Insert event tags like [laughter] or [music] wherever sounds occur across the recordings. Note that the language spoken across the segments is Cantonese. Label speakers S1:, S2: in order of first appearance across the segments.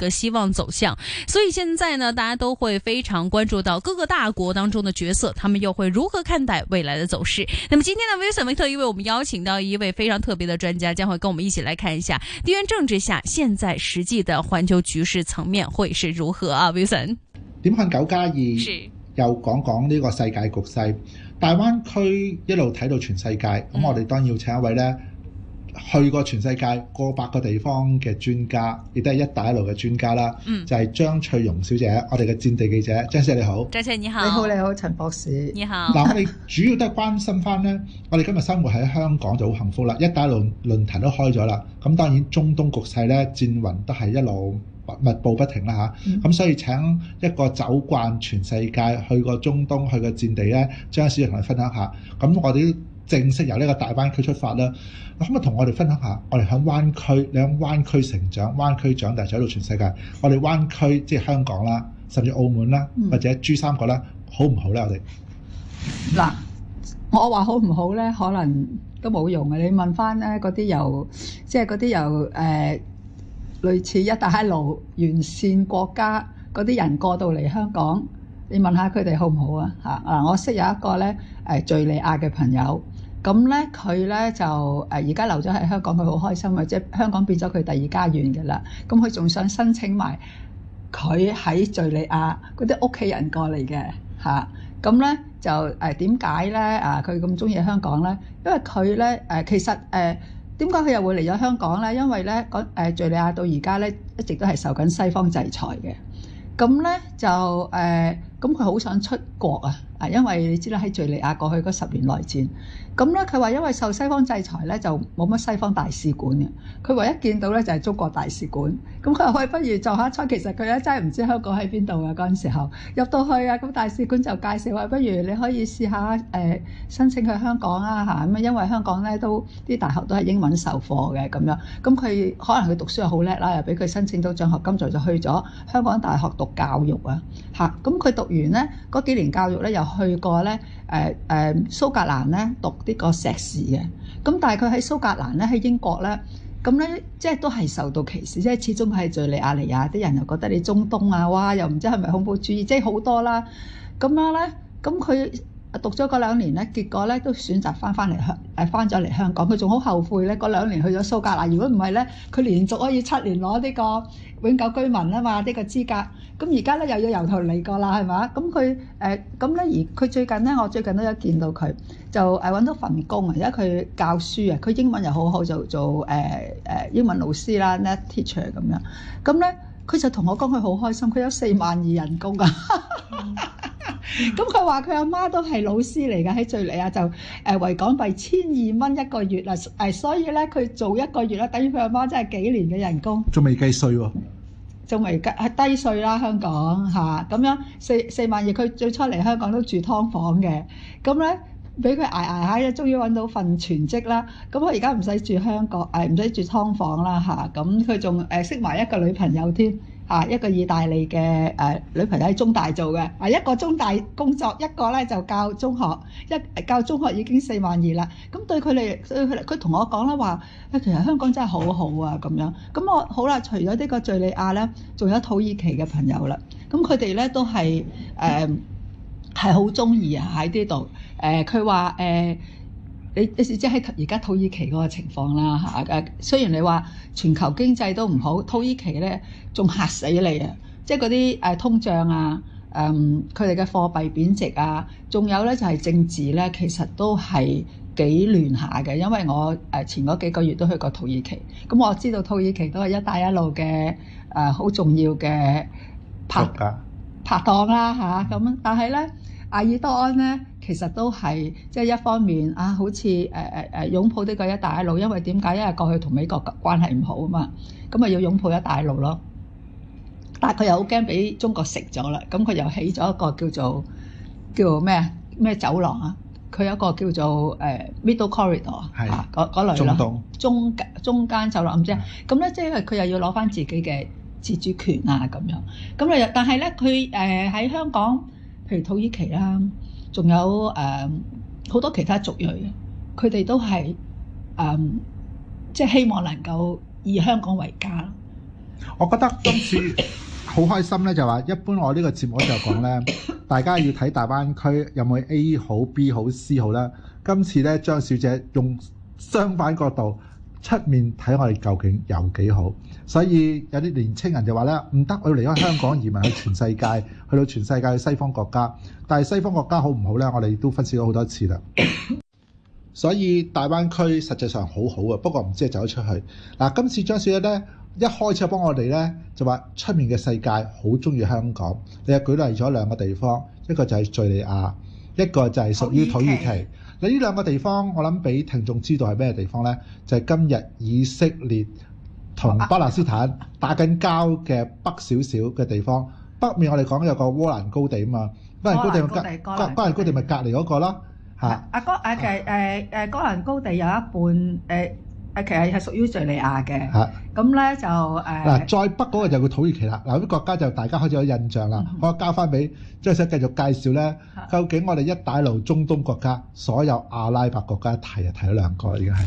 S1: 個希望走向，所以現在呢，大家都會非常關注到各個大國當中的角色，他們又會如何看待未來的走勢？那麼今天的 Wilson 特意為我們邀請到一位非常特別的專家，將會跟我們一起來看一下地緣政治下現在實際的環球局勢層面會是如何啊？Wilson
S2: 點看九加二，是又講講呢個世界局勢，大灣區一路睇到全世界，咁、嗯、我哋當然要請一位呢。去過全世界過百個地方嘅專家，亦都係一帶一路嘅專家啦。嗯，就係張翠容小姐，我哋嘅戰地記者，嗯、張小姐你好。張
S1: 小姐
S3: 你好。你好，你好，陳博士你好。嗱，我哋
S2: 主要都係關心翻咧，我哋今日生活喺香港就好幸福啦，一帶一路論壇都開咗啦。咁當然中東局勢咧，戰雲都係一路密密佈不停啦吓，咁、啊嗯、所以請一個走慣全世界、去過中東、去過戰地咧，張小姐同你分享下。咁我哋正式由呢個大灣區出發啦。可唔可以同我哋分享下？我哋喺灣區，你喺灣區成長、灣區長大，走到全世界，我哋灣區即係香港啦，甚至澳門啦，或者珠三角啦，好唔好咧？我哋
S3: 嗱，我話好唔好咧？可能都冇用嘅。你問翻咧嗰啲由即係嗰啲由誒類似一帶一路完善國家嗰啲人過到嚟香港，你問下佢哋好唔好啊？嚇！嗱，我識有一個咧誒敍利亞嘅朋友。咁咧，佢咧就誒而家留咗喺香港，佢好開心啊，即係香港變咗佢第二家園嘅啦。咁佢仲想申請埋佢喺敘利亞嗰啲屋企人過嚟嘅嚇。咁咧就誒點解咧啊？佢咁鍾意香港咧？因為佢咧誒其實誒點解佢又會嚟咗香港咧？因為咧嗰誒敘利亞到而家咧一直都係受緊西方制裁嘅。咁啊咧就誒。呃咁佢好想出國啊！啊，因為你知啦，喺敍利亞過去嗰十年內戰，咁咧佢話因為受西方制裁咧，就冇乜西方大使館嘅。佢唯一見到咧就係中國大使館，咁佢話可以不如做下，初其實佢咧真係唔知香港喺邊度嘅嗰陣時候入到去啊，咁大使館就介紹話不如你可以試下誒申請去香港啊嚇咁，因為香港咧都啲大學都係英文授課嘅咁樣。咁佢可能佢讀書又好叻啦，又俾佢申請到獎學金，就就去咗香港大學讀教育啊嚇。咁佢讀。完咧，嗰幾年教育咧又去過咧，誒、呃、誒、呃、蘇格蘭咧讀呢個碩士嘅，咁但係佢喺蘇格蘭咧喺英國咧，咁咧即係都係受到歧視，即係始終係敘利亞嚟啊，啲人又覺得你中東啊，哇又唔知係咪恐怖主義，即係好多啦，咁樣咧，咁佢。讀咗嗰兩年咧，結果咧都選擇翻翻嚟香，誒翻咗嚟香港。佢仲好後悔咧，嗰兩年去咗蘇格蘭。如果唔係咧，佢連續可以七年攞呢個永久居民啊嘛，呢、這個資格。咁而家咧又要由頭嚟過啦，係嘛？咁佢誒咁咧而佢最近咧，我最近都有見到佢，就誒揾到份工啊，而家佢教書啊，佢英文又好好，就做誒誒、呃呃、英文老師啦，NET teacher 咁樣。咁、嗯、咧，佢就同我講，佢好開心，佢有四萬二人工啊！嗯 [laughs] 咁佢話佢阿媽都係老師嚟㗎，喺敍利亞就誒、呃、維港幣千二蚊一個月啦，誒所以咧佢做一個月啦，等於佢阿媽真係幾年嘅人工。
S2: 仲未計稅喎、
S3: 哦？仲未計係低稅啦，香港嚇咁、啊、樣四四萬二。佢最初嚟香港都住劏房嘅，咁咧俾佢捱捱下咧，終於揾到份全職啦。咁佢而家唔使住香港，誒唔使住劏房啦嚇。咁佢仲誒識埋一個女朋友添。啊，一個意大利嘅誒、啊、女朋友喺中大做嘅，啊一個中大工作，一個咧就教中學，一教中學已經四萬二啦。咁對佢哋，對佢，佢同我講啦話，誒其實香港真係好好啊咁樣。咁我好啦，除咗呢個敍利亞咧，仲有土耳其嘅朋友啦。咁佢哋咧都係誒係好鍾意啊喺呢度。誒佢話誒。你即係而家土耳其嗰個情況啦嚇，誒、啊、雖然你話全球經濟都唔好，土耳其咧仲嚇死你啊！即係嗰啲誒通脹啊，誒佢哋嘅貨幣貶值啊，仲有咧就係、是、政治咧，其實都係幾亂下嘅。因為我誒前嗰幾個月都去過土耳其，咁、嗯、我知道土耳其都係一帶一路嘅誒好重要嘅拍拍檔啦嚇。咁、啊嗯、但係咧，阿爾多安咧。其實都係即係一方面啊，好似誒誒誒擁抱呢個一帶一路，因為點解？因為過去同美國關係唔好啊嘛，咁咪要擁抱一帶一路咯。但係佢又好驚俾中國食咗啦，咁佢又起咗一個叫做叫做咩咩走廊啊。佢有一個叫做誒、呃、Middle Corridor 是啊，係嗰嗰類中洞 中，間中間走廊咁啫。咁咧即係佢又要攞翻自己嘅自主權啊，咁樣咁啊。但係咧，佢誒喺香港，譬如土耳其啦。啊啊啊啊啊仲有誒嗯、好多其他族裔嘅佢哋都係誒即係希望能夠以香港為家。
S2: 我覺得今次好開心咧，就話一般我呢個節目就講咧， [coughs] 大家要睇大灣區有冇 A 好 B 好 C 好啦。今次咧，張小姐用相反角度。出面睇我哋究竟有幾好，所以有啲年青人就話咧，唔得，我要離開香港移民去全世界，去到全世界嘅西方國家。但係西方國家好唔好咧？我哋都分析咗好多次啦。所以大灣區實際上好好啊，不過唔知係走咗出去。嗱，今次張小姐咧，一開始幫我哋咧，就話出面嘅世界好中意香港，你又舉例咗兩個地方，一個就係敍利亞，一個就係屬於土耳其。你呢兩個地方，我諗俾聽眾知道係咩地方咧？就係、是、今日以色列同巴勒斯坦打緊交嘅北少少嘅地方。北面我哋講有個戈蘭高地啊嘛，戈蘭高地隔戈蘭高地咪隔籬嗰個啦嚇。
S3: 阿、啊啊、哥，誒誒誒，戈蘭、啊啊、高地有一半誒。啊啊，其實係屬於敍利亞嘅，咁咧就誒。嗱、啊，
S2: 再北嗰個就個土耳其啦。嗱的，啲國家就大家開始有印象啦。嗯、我交翻俾即係想繼續介紹咧，啊、究竟我哋一帶路中東國家所有阿拉伯國家提，睇啊睇咗兩個已經係。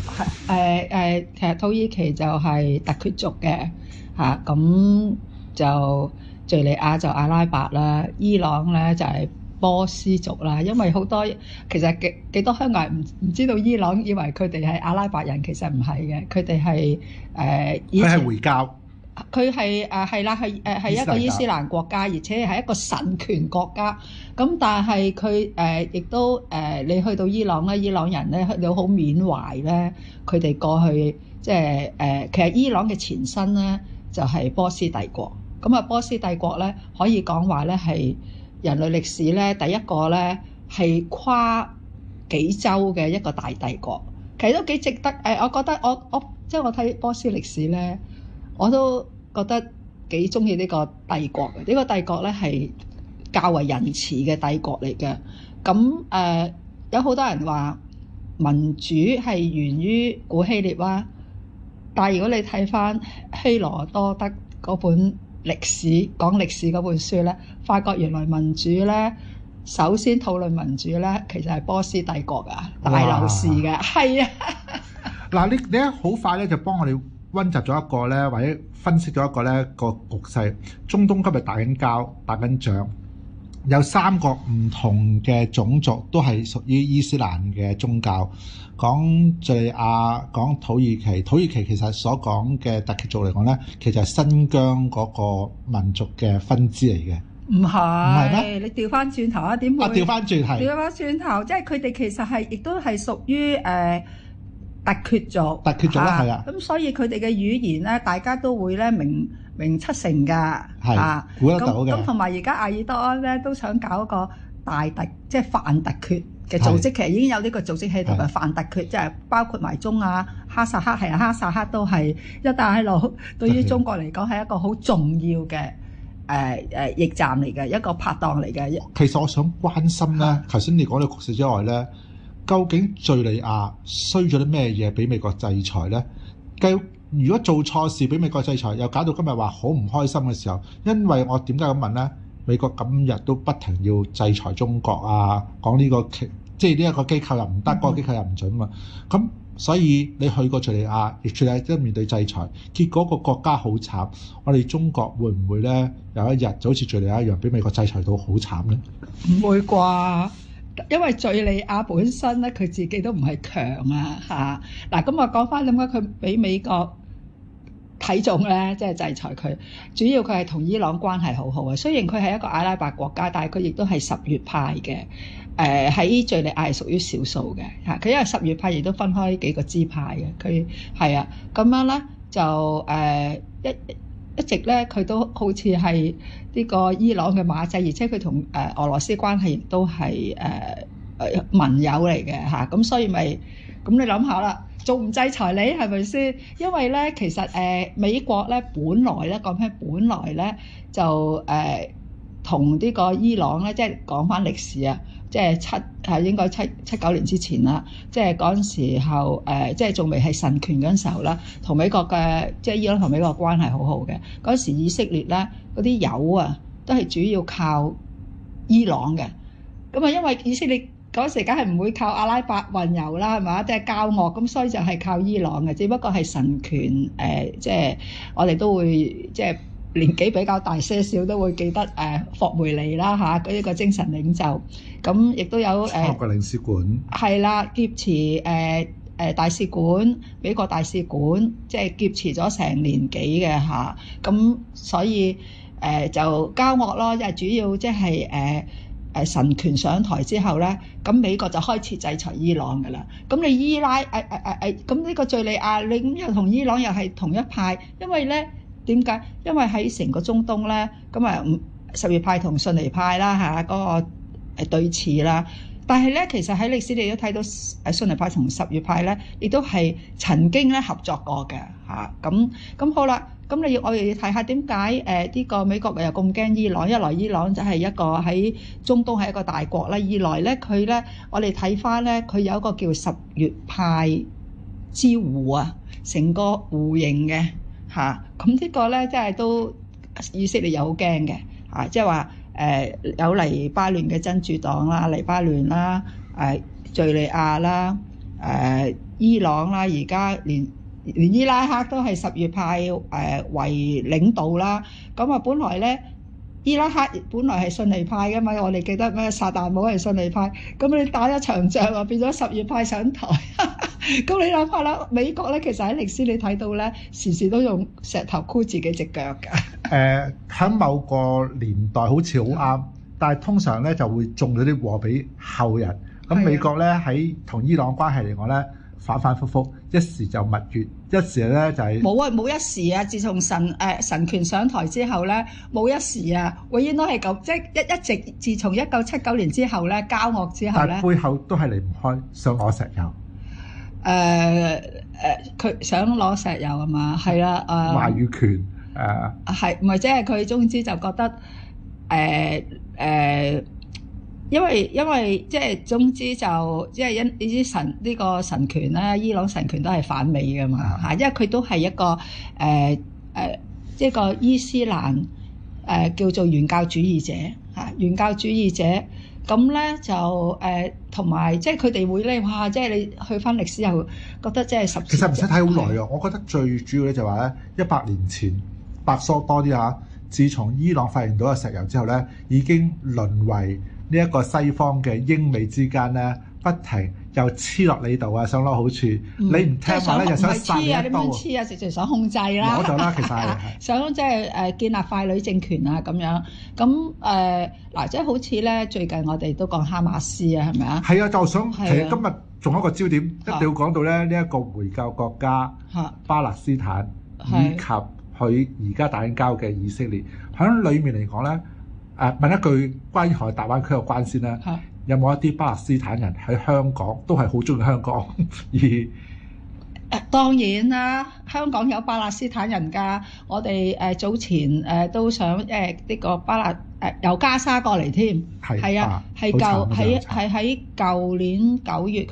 S3: 係誒誒，其實土耳其就係突厥族嘅嚇，咁、啊、就敍利亞就阿拉伯啦，伊朗咧就係、是。波斯族啦，因為好多其實幾幾多香港人唔唔知道伊朗，以為佢哋係阿拉伯人，其實唔係嘅，佢哋係誒以前佢係回教，佢係誒係啦，係誒係一個伊斯蘭國家，而且係一個神權國家。咁但係佢誒亦都誒、呃，你去到伊朗咧，伊朗人咧都好緬懷咧，佢哋過去即係誒、呃，其實伊朗嘅前身咧就係、是、波斯帝國。咁啊，波斯帝國咧可以講話咧係。人類歷史咧，第一個咧係跨幾洲嘅一個大帝國，其實都幾值得。誒，我覺得我我即係我睇波斯歷史咧，我都覺得幾中意呢個帝國。呢、呢個帝國咧係較為仁慈嘅帝國嚟嘅。咁誒、呃，有好多人話民主係源於古希臘，啊，但係如果你睇翻希羅多德嗰本。歷史，講歷史嗰本書咧，發覺原來民主咧，首先討論民主咧，其實係波斯帝國㗎，大流士嘅，係啊。
S2: 嗱，你你一好快咧就幫我哋溫習咗一個咧，或者分析咗一個咧個局勢，中東今日打緊交，打緊仗。有三個唔同嘅種族都係屬於伊斯蘭嘅宗教。講敍利亞，講土耳其，土耳其其實所講嘅突厥族嚟講咧，其實係新疆嗰個民族嘅分支嚟嘅。
S3: 唔係是？係咩？你調翻轉頭啊？點會？呃、啊，調翻轉頭，係。調翻轉頭，即係佢哋其實係亦都係屬於誒突厥族。突厥族啦，係啊。咁所以佢哋嘅語言咧，大家都會咧明。明七成㗎，係是，估咁，同埋而家阿爾多安咧，都想搞一個大突，即係泛突厥嘅組織，是其實已經有呢個組織喺度嘅。泛突厥，的即係包括埋中亞、哈薩克，係啊，哈薩克都係一帶一路的對於中國嚟講係一個好重要嘅誒誒驛站嚟嘅一個拍檔嚟嘅。
S2: 其實我想關心咧，頭先的你講到局勢之外咧，究竟敍利亞衰咗啲咩嘢俾美國制裁咧？如果做錯事俾美國制裁，又搞到今日話好唔開心嘅時候，因為我點解咁問咧？美國今日都不停要制裁中國啊，講呢、呢個即係呢一個機構又唔得，嗰、嗯、哼個機構又唔準嘛。咁所以你去過敍利亞，敍利亞都面對制裁，結果個國家好慘。我哋中國會唔會咧有一日就好似敍利亞一樣，俾美國制裁到好慘咧？唔
S3: 會啩？因為敍利亞本身咧，佢自己都唔係強啊嚇。嗱、啊、咁、啊、我講翻點解佢俾美國體重咧，即係制裁佢。主要佢係同伊朗關係好好啊。雖然佢係一個阿拉伯國家，但係佢亦都係什葉派嘅。誒喺敍利亞係屬於少數嘅嚇。佢因為什葉派亦都分開幾個支派嘅。佢係啊咁樣咧就誒一一直咧佢都好似係呢個伊朗嘅馬仔，而且佢同誒俄羅斯關係亦都係誒誒盟友嚟嘅嚇。咁所以咪咁你諗下啦。仲唔制裁你係咪先？因為咧，其實誒、呃、美國咧，本來咧講起本來咧，就誒同呢個伊朗咧，即係講翻歷史啊，即係七係應該七七九年之前啦。即係嗰陣時候誒、呃，即係仲未係神權嗰陣時候啦，同美國嘅即係伊朗同美國關係好好嘅。嗰時以色列咧嗰啲友啊，都係主要靠伊朗嘅。咁啊，因為以色列。嗰時梗係唔會靠阿拉伯運油啦，係嘛？即、就、係、是、交惡咁，所以就係靠伊朗嘅，只不過係神權誒，即、呃、係、就是、我哋都會即係、就是、年紀比較大些少都會記得誒霍、呃、梅尼啦嚇，嗰、啊、一、這個精神領袖。咁亦都有誒。
S2: 個、呃、領事館。
S3: 係啦，劫持誒誒、呃呃、大使館，美國大使館，即、就、係、是、劫持咗成年幾嘅嚇。咁、啊、所以誒、呃、就交惡咯，即係主要即係誒。呃誒神權上台之後咧，咁美國就開始制裁伊朗嘅啦。咁你伊拉克誒誒誒咁呢個敍利亞你咁又同伊朗又係同一派，因為咧點解？因為喺成個中東咧，咁啊十月派同遜尼派啦嚇嗰個誒對峙啦。但係咧，其實喺歷史你都睇到誒遜尼派同十月派咧，亦都係曾經咧合作過嘅嚇。咁、啊、咁好啦。咁你要我哋要睇下點解誒呢個美國又咁驚伊朗？一來伊朗就係一個喺中東係一個大國啦，二來咧佢咧我哋睇翻咧佢有一個叫什葉派之弧啊，成個弧形嘅嚇，咁、啊、呢個咧即係都以色列有好驚嘅嚇，即係話誒有黎巴嫩嘅真主黨啦、黎巴嫩啦、誒敍利亞啦、誒、啊、伊朗啦，而家連。連伊拉克都係什葉派誒、呃、為領導啦，咁、嗯、啊本來咧伊拉克本來係遜尼派嘅嘛，我哋記得咩？薩達姆係遜尼派，咁、嗯、你打一場仗啊，變咗什葉派上台，咁、 [laughs] 嗯、你諗下啦，美國咧其實喺歷史你睇到咧，時時都用石頭箍自己隻腳㗎。
S2: 誒、呃，喺某個年代好似好啱，嗯、但係通常咧就會種咗啲禍俾後人。咁美國咧喺同伊朗關係嚟講咧。反反覆覆，一時就蜜月，一時咧就係、是、冇
S3: 啊！冇一時啊！自從神誒、呃、神權上台之後咧，冇一時啊，永遠都係咁，即係一一直，自從一九七九年之後咧，交惡之後咧，背
S2: 後都係離唔開想攞石油。誒
S3: 誒、呃，佢、呃、想攞石油啊嘛，係啦、啊，誒、呃。話語權誒，係唔係即係佢總之就覺得誒誒。呃呃因為因為即係總之就即係因呢啲神呢個神權啦，伊朗神權都係反美㗎嘛嚇、嗯，因為佢都係一個誒誒、呃呃、一個伊斯蘭誒、呃、叫做原教主義者嚇、啊，原教主義者咁咧就誒同埋即係佢哋會咧哇，即、就、係、是、你去翻歷史又覺得即係十
S2: 其實唔使睇好耐啊。的我覺得最主要咧就話咧一百年前白縮多啲嚇、啊，自從伊朗發現到嘅石油之後咧，已經淪為。呢一個西方嘅英美之間咧，不停又黐落你度啊，想攞好處。嗯、你唔聽話咧，想控又想黐啊！點樣黐
S3: 啊？直情想控制啦。嗱，就啦，其實 [laughs] 想即係誒建立傀儡政權啊咁樣。咁誒嗱，即係好似咧，最近我哋都講哈馬斯啊，係咪
S2: 啊？係啊，就想。係啊。其實今日仲有一個焦點一定要講到咧，呢、這、一個回教國家、啊、巴勒斯坦，以及佢而家打緊交嘅以色列，響裏面嚟講咧。問一句關於我哋大灣區嘅關先啦，啊、有冇一啲巴勒斯坦人喺香港都係好中意香港 [laughs] 而？
S3: 當然啦，香港有巴勒斯坦人㗎，我哋早前都想呢個巴勒由加沙過嚟添，係啊，係啊，係喺舊年9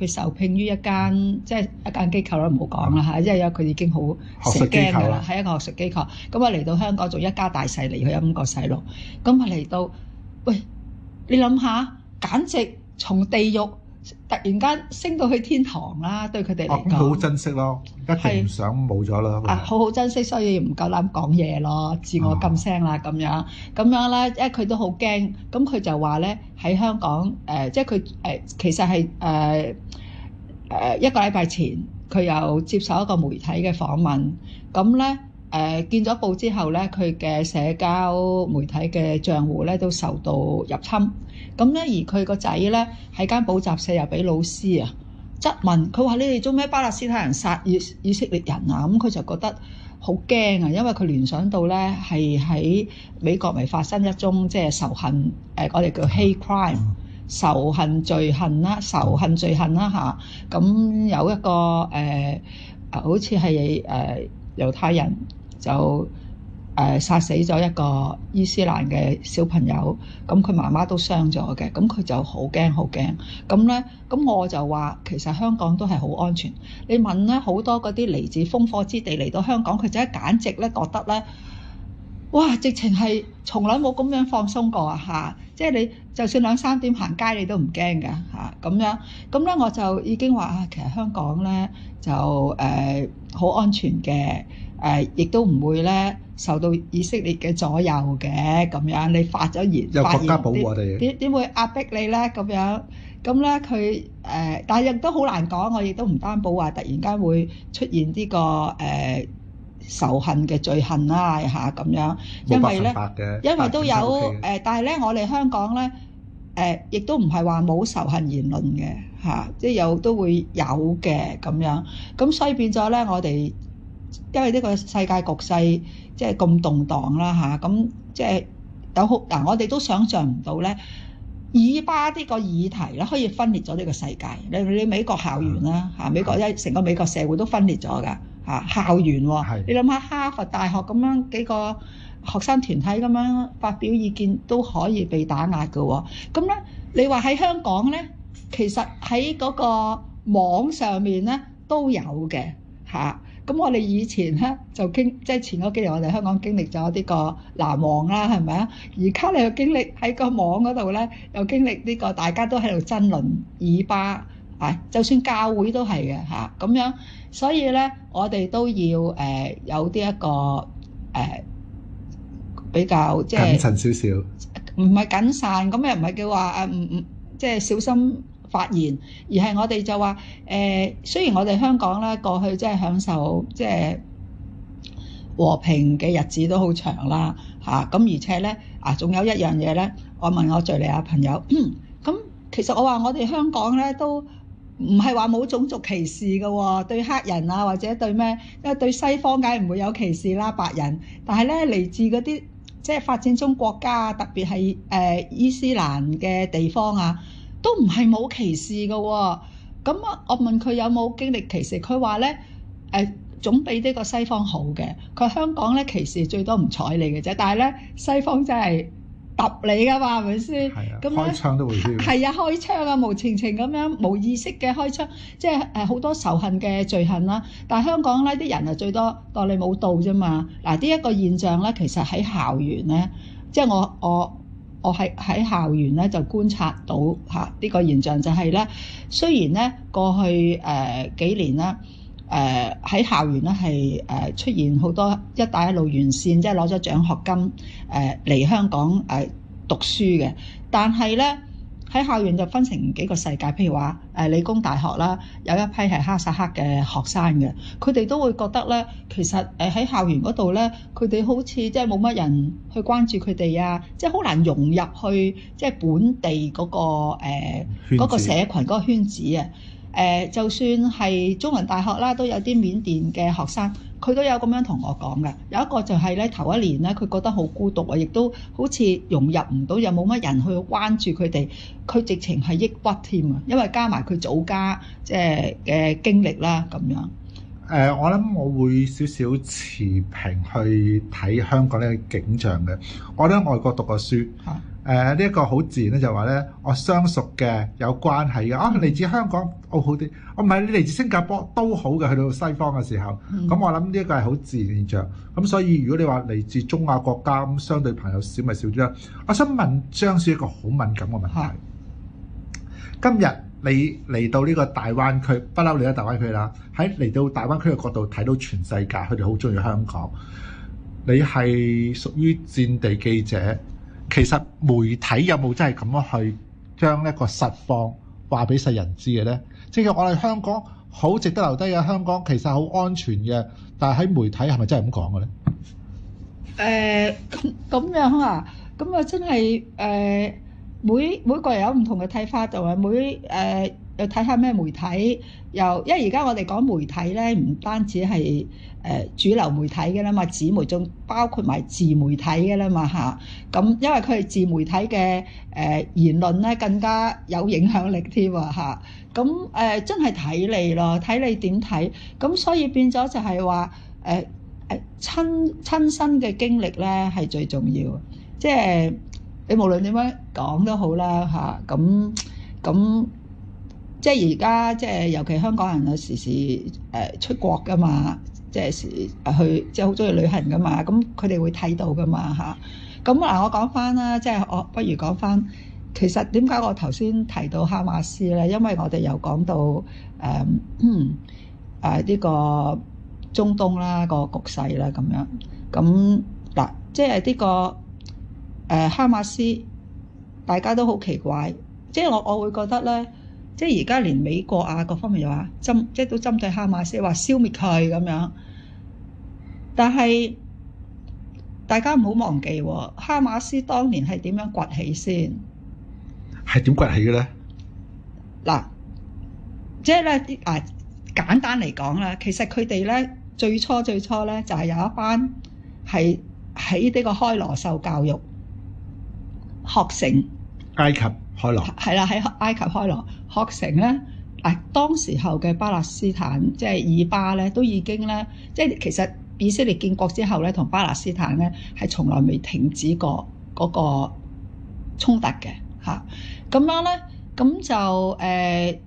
S3: 突然間升到去天堂啦，對佢哋嚟講，好、啊、珍
S2: 惜咯，一定唔想冇咗咯。
S3: 好是是、啊、好珍惜，所以唔夠膽講嘢咯，自我禁聲啦咁樣，咁樣咧，誒佢都好驚，咁佢就話咧喺香港誒、呃，即係佢誒，其實係誒誒一個禮拜前，佢又接受一個媒體嘅訪問，咁咧。誒見咗報之後咧，佢嘅社交媒體嘅賬戶咧都受到入侵。咁咧，而佢個仔咧喺間補習社又俾老師啊質問，佢話：你哋做咩巴勒斯坦人殺以以色列人啊？咁佢就覺得好驚啊，因為佢聯想到咧係喺美國咪發生一宗即係仇恨誒，我哋叫 hate crime 仇恨罪恨啦，仇恨罪恨啦嚇。咁有一個誒，好似係誒猶太人。就誒、呃、殺死咗一個伊斯蘭嘅小朋友，咁佢媽媽都傷咗嘅，咁佢就好驚好驚。咁咧，咁我就話其實香港都係好安全。你問咧好多嗰啲嚟自烽火之地嚟到香港，佢就一簡直咧覺得咧。哇！直情係從來冇咁樣放鬆過啊！嚇、啊，即係你就算兩三點行街，你都唔驚㗎嚇咁樣。咁咧我就已經話啊，其實香港咧就誒好、呃、安全嘅，誒、呃、亦都唔會咧受到以色列嘅左右嘅咁樣。你發咗言，就國家保護你，點點會壓迫你咧？咁樣咁咧佢誒，但係亦都好難講，我亦都唔擔保話突然間會出現呢、這個誒。呃仇恨嘅罪行啦嚇咁樣，因為咧，百百
S2: 因為都有誒，
S3: 百百但係咧，我哋香港咧誒，亦、呃、都唔係話冇仇恨言論嘅嚇、啊，即係有都會有嘅咁樣。咁所以變咗咧，我哋因為呢個世界局勢即係咁動盪啦嚇，咁、啊、即係有好嗱、啊，我哋都想象唔到咧，以巴呢個議題咧，可以分裂咗呢個世界。你你美國校園啦嚇，美國一成個美國社會都分裂咗㗎。嚇校園喎，哦，的你諗下哈佛大學咁樣幾個學生團體咁樣發表意見都可以被打壓嘅喎，哦，咁咧你話喺香港咧，其實喺嗰個網上面咧都有嘅嚇，咁、啊、我哋以前咧就經即係前嗰幾年我哋香港經歷咗呢個難忘啦，係咪啊？而家你又經歷喺個網嗰度咧，又經歷呢個大家都喺度爭論以巴啊，就算教會都係嘅嚇，咁、啊、樣。所以咧，我哋都要誒、呃、有啲一個誒、呃、比較即係謹慎少少，唔係謹慎咁，又唔係叫話誒唔唔即係小心發言，而係我哋就話誒、呃，雖然我哋香港咧過去即係享受即係、就是、和平嘅日子都好長啦嚇，咁、啊、而且咧啊，仲有一樣嘢咧，我問我敘利亞朋友，咁、 [coughs] 嗯、其實我話我哋香港咧都，唔係話冇種族歧視嘅喎、哦，對黑人啊或者對咩，因為對西方梗係唔會有歧視啦、啊，白人。但係咧嚟自嗰啲即係發展中國家，特別係誒、呃、伊斯蘭嘅地方啊，都唔係冇歧視嘅喎、哦。咁啊，我問佢有冇經歷歧視，佢話咧誒總比呢個西方好嘅。佢香港咧歧視最多唔睬你嘅啫，但係咧西方真係。合理噶嘛，係咪先？咁樣係啊，開槍啊，無情情咁樣，無意識嘅開槍，即係誒好多仇恨嘅罪行啦、啊。但係香港咧啲人啊，最多當你冇到啫嘛。嗱，呢一個現象咧，其實喺校園咧，即係我我我喺喺校園咧就觀察到嚇呢、啊呢個現象就呢，就係咧雖然咧過去誒、呃、幾年啦。誒喺、呃、校園咧係誒出現好多一帶一路沿線，即係攞咗獎學金誒嚟、呃、香港誒、呃、讀書嘅。但係咧喺校園就分成幾個世界，譬如話誒、呃、理工大學啦，有一批係哈薩克嘅學生嘅，佢哋都會覺得咧，其實誒喺校園嗰度咧，佢哋好似即係冇乜人去關注佢哋啊，即係好難融入去即係、就是、本地嗰、那個誒、呃、嗰個社群、嗰個圈子啊。誒、呃，就算係中文大學啦，都有啲緬甸嘅學生，佢都有咁樣同我講嘅。有一個就係咧，頭一年咧，佢覺得好孤獨啊，亦都好似融入唔到，又冇乜人去關注佢哋，佢直情係抑鬱添啊。因為加埋佢祖家即係嘅經歷啦，咁樣。
S2: 誒、呃，我諗我會少少持平去睇香港呢個景象嘅。我喺外國讀過書。啊誒呢一個好自然咧，就話咧，我相熟嘅有關係嘅、嗯、啊，嚟自香港，哦，好啲，我唔係你嚟自新加坡都好嘅。去到西方嘅時候，咁、嗯、我諗呢一個係好自然現象。咁所以如果你話嚟自中亞國家咁，相對朋友少咪少啲啦。我想問，張是一個好敏感嘅問題。是今日你嚟到呢個大灣區，不嬲你喺大灣區啦。喺嚟到大灣區嘅角度睇到全世界，佢哋好中意香港。你係屬於戰地記者。其實媒體有冇真係咁樣去將一個實況話俾世人知嘅咧？即係我哋香港好值得留低嘅，香港其實好安全嘅，但係喺媒體係咪真係咁講嘅咧？
S3: 誒咁、呃、樣啊，咁啊真係誒、呃、每每個人有唔同嘅睇法，就係每誒。呃去睇下咩媒體，又因為而家我哋講媒體咧，唔單止係誒主流媒體嘅啦嘛，紙媒仲包括埋自媒體嘅啦嘛嚇。咁因為佢係自媒體嘅誒言論咧，更加有影響力添啊嚇。咁誒真係睇你咯，睇你點睇。咁所以變咗就係話誒誒親親身嘅經歷咧係最重要，即係你無論點樣講都好啦嚇。咁咁。即係而家，即係尤其香港人有時時誒出國噶嘛，即係去，即係好中意旅行噶嘛。咁佢哋會睇到噶嘛吓。咁、啊、嗱，我講翻啦，即係我不如講翻，其實點解我頭先提到哈馬斯咧？因為我哋又講到誒誒呢個中東啦，個局勢啦咁樣。咁、啊、嗱，即係呢個誒哈馬斯，大家都好奇怪，即係我我會覺得咧。即係而家，連美國啊，各方面又話針，即係都針對哈馬斯，話消滅佢咁樣。但係大家唔好忘記喎，哈馬斯當年係點樣崛起先？
S2: 係點崛起嘅咧？
S3: 嗱，即係咧啊！簡單嚟講啦，其實佢哋咧最初最初咧就係、是、有一班係喺呢個開羅受教育學成
S2: 埃及。開羅
S3: 係啦，喺埃及開羅，學成咧，嗱，當時候嘅巴勒斯坦即係、就是、以巴咧，都已經咧，即、就、係、是、其實以色列建國之後咧，同巴勒斯坦咧係從來未停止過嗰個衝突嘅嚇。咁、啊、樣咧，咁就誒。欸。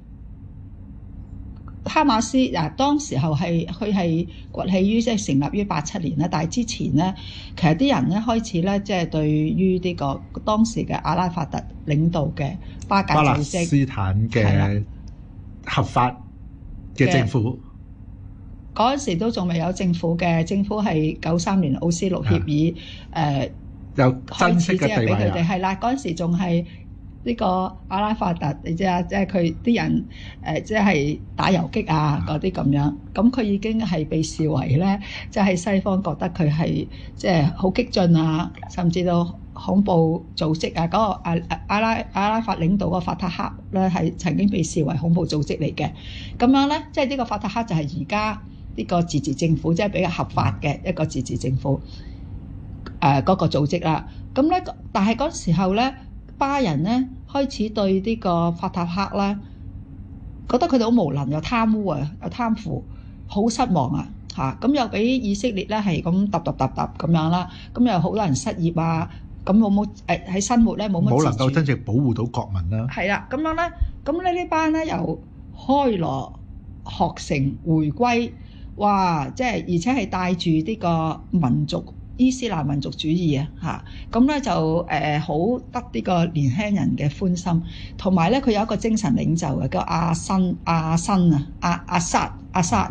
S3: 哈馬斯嗱、啊，當時候係佢係崛起於即係、就是、成立於八七年啦。但係之前咧，其實啲人咧開始咧，即、就、係、是、對於呢個當時嘅阿拉法特領導嘅巴勒斯
S2: 坦嘅合法嘅政府，嗰
S3: 陣時都仲未有政府嘅政府係九三年奧斯陸協議誒，的呃、
S2: 有爭取嘅地位佢哋，
S3: 係啦，嗰陣、啊、時仲係。呢個阿拉法特，你知、呃、啊？即係佢啲人誒，即係打遊擊啊，嗰啲咁樣。咁佢已經係被視為咧，即、就、係、是、西方覺得佢係即係好激進啊，甚至到恐怖組織啊。嗰、那個阿阿拉阿拉法領導個法塔克咧，係曾經被視為恐怖組織嚟嘅。咁樣咧，即係呢個法塔克就係而家呢個自治政府，即係比較合法嘅一個自治政府誒，嗰、呃那個組織啦。咁咧，但係嗰時候咧。巴人咧開始對呢個法塔赫咧，覺得佢哋好無能又貪污啊，又貪腐，好失望啊嚇！咁又俾以色列咧係咁揼揼揼揼咁樣啦，咁、啊、又好多人失業啊，咁冇冇誒喺生活咧冇乜，冇能夠真
S2: 正保護到國民啦。
S3: 係啦、啊，咁樣咧，咁、嗯、咧呢班咧由開羅學成回歸，哇！即係而且係帶住呢個民族。伊斯蘭民族主義啊，嚇，咁咧就誒、呃、好得呢個年輕人嘅歡心，同埋咧佢有一個精神領袖嘅叫阿新阿新啊，阿薩阿薩阿薩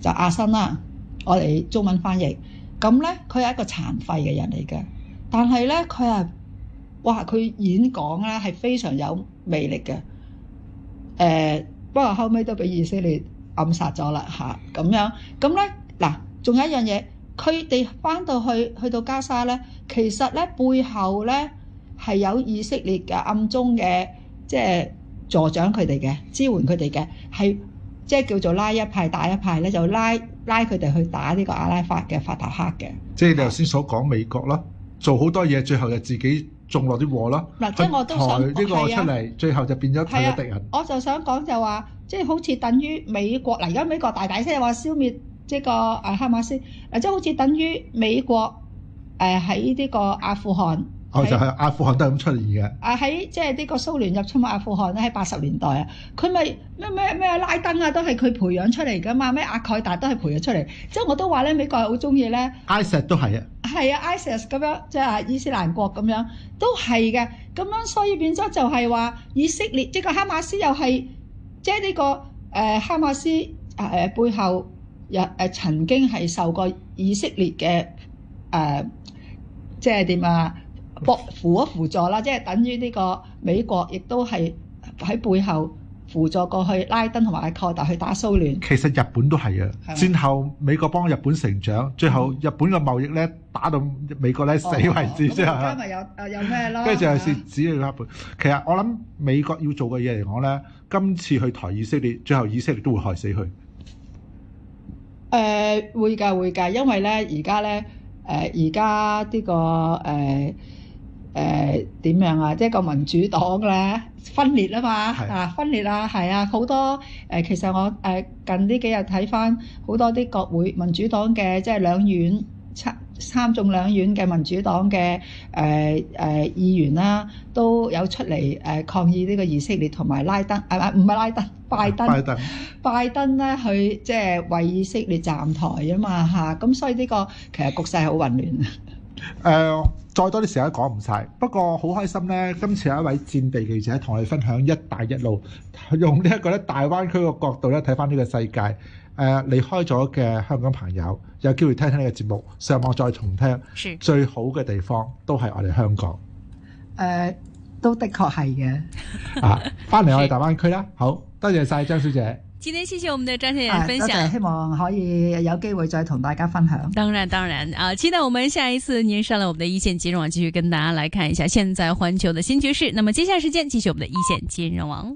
S3: 就阿新啦，我哋中文翻譯咁咧佢係一個殘廢嘅人嚟嘅，但係咧佢係哇佢演講咧係非常有魅力嘅，誒、呃、不過後尾都俾以色列暗殺咗啦，嚇，咁樣咁咧，嗱，仲有一樣嘢。佢哋翻到去，去到加沙咧，其實咧背後咧係有以色列嘅暗中嘅，即係助長佢哋嘅支援佢哋嘅，係即係叫做拉一派打一派咧，就拉拉佢哋去打呢個阿拉法嘅法塔克嘅。
S2: 即係你頭先所講美國啦，做好多嘢，最後就自己種落啲禍啦。嗱，即係我都想呢個出嚟，啊、最後就變咗佢嘅敵人，啊。
S3: 我就想講就話，即係好似等於美國，嗱而家美國大大聲話消滅。呢個誒哈馬斯，誒即係好似等於美國誒喺呢個阿富汗，我就
S2: 係、是、在阿富汗都係咁出嚟嘅。
S3: 啊喺即係呢個蘇聯入侵阿富汗咧，喺八十年代啊，佢咪咩咩咩拉登啊，都係佢培養出嚟噶嘛？咩阿蓋達都係培養出嚟。即係我都話咧，美國係好中意咧 ISIS 都係啊，係啊，ISIS 咁樣即係伊斯蘭國咁樣都係嘅。咁樣所以變咗就係話以色列即係、這個哈馬斯又係即係呢個誒哈馬斯誒背後。日誒曾經係受過以色列嘅誒，即係點啊？幫扶一扶助啦，即係等於呢個美國亦都係喺背後輔助過去拉登同埋阿蓋達去打蘇聯。
S2: 其實日本都係啊，戰後美國幫日本成長，最後日本嘅貿易咧打到美國咧死為止，即係。國家咪有誒
S3: 有咩咯？跟住就係指
S2: 指住日本。其實我諗美國要做嘅嘢嚟講咧，今次去台以色列，最後以色列都會害死佢。
S3: 誒、呃、會㗎會㗎，因為咧而家咧誒而家呢，呢、呃呢個誒誒點樣啊？即、這、係個民主黨咧分裂是的 啊嘛，啊分裂啊，係啊好多誒、呃。其實我誒、呃、近呢幾日睇翻好多啲國會民主黨嘅，即、就、係、是、兩院七。參眾兩院嘅民主黨嘅誒誒議員啦、啊，都有出嚟誒抗議呢個以色列同埋拉登，誒唔係拉登，拜登，拜登咧去即係為以色列站台嘛啊嘛嚇，咁所以呢個其實局勢係好混亂
S2: 啊、呃！再多啲時間講唔晒，不過好開心咧，今次有一位戰地記者同我哋分享「一帶一路」，用呢一個咧大灣區個角度咧睇返呢個世界。誒、呃、離開咗嘅香港朋友有機會聽聽呢個節目，上網再重聽，是最好嘅地方都係我哋香港，
S3: 呃。都的確係嘅。 [laughs]
S2: 啊，翻嚟我哋大灣區啦，好多謝晒張小姐。
S1: 今天謝謝我們的張小姐分享，啊，希望可以有機會再同大家分享。當然當然啊，期待我們下一次，您上了我們的一線金融網，繼續跟大家來看一下現在環球的新局勢。那麼接下來時間，繼續我們的一線金融網。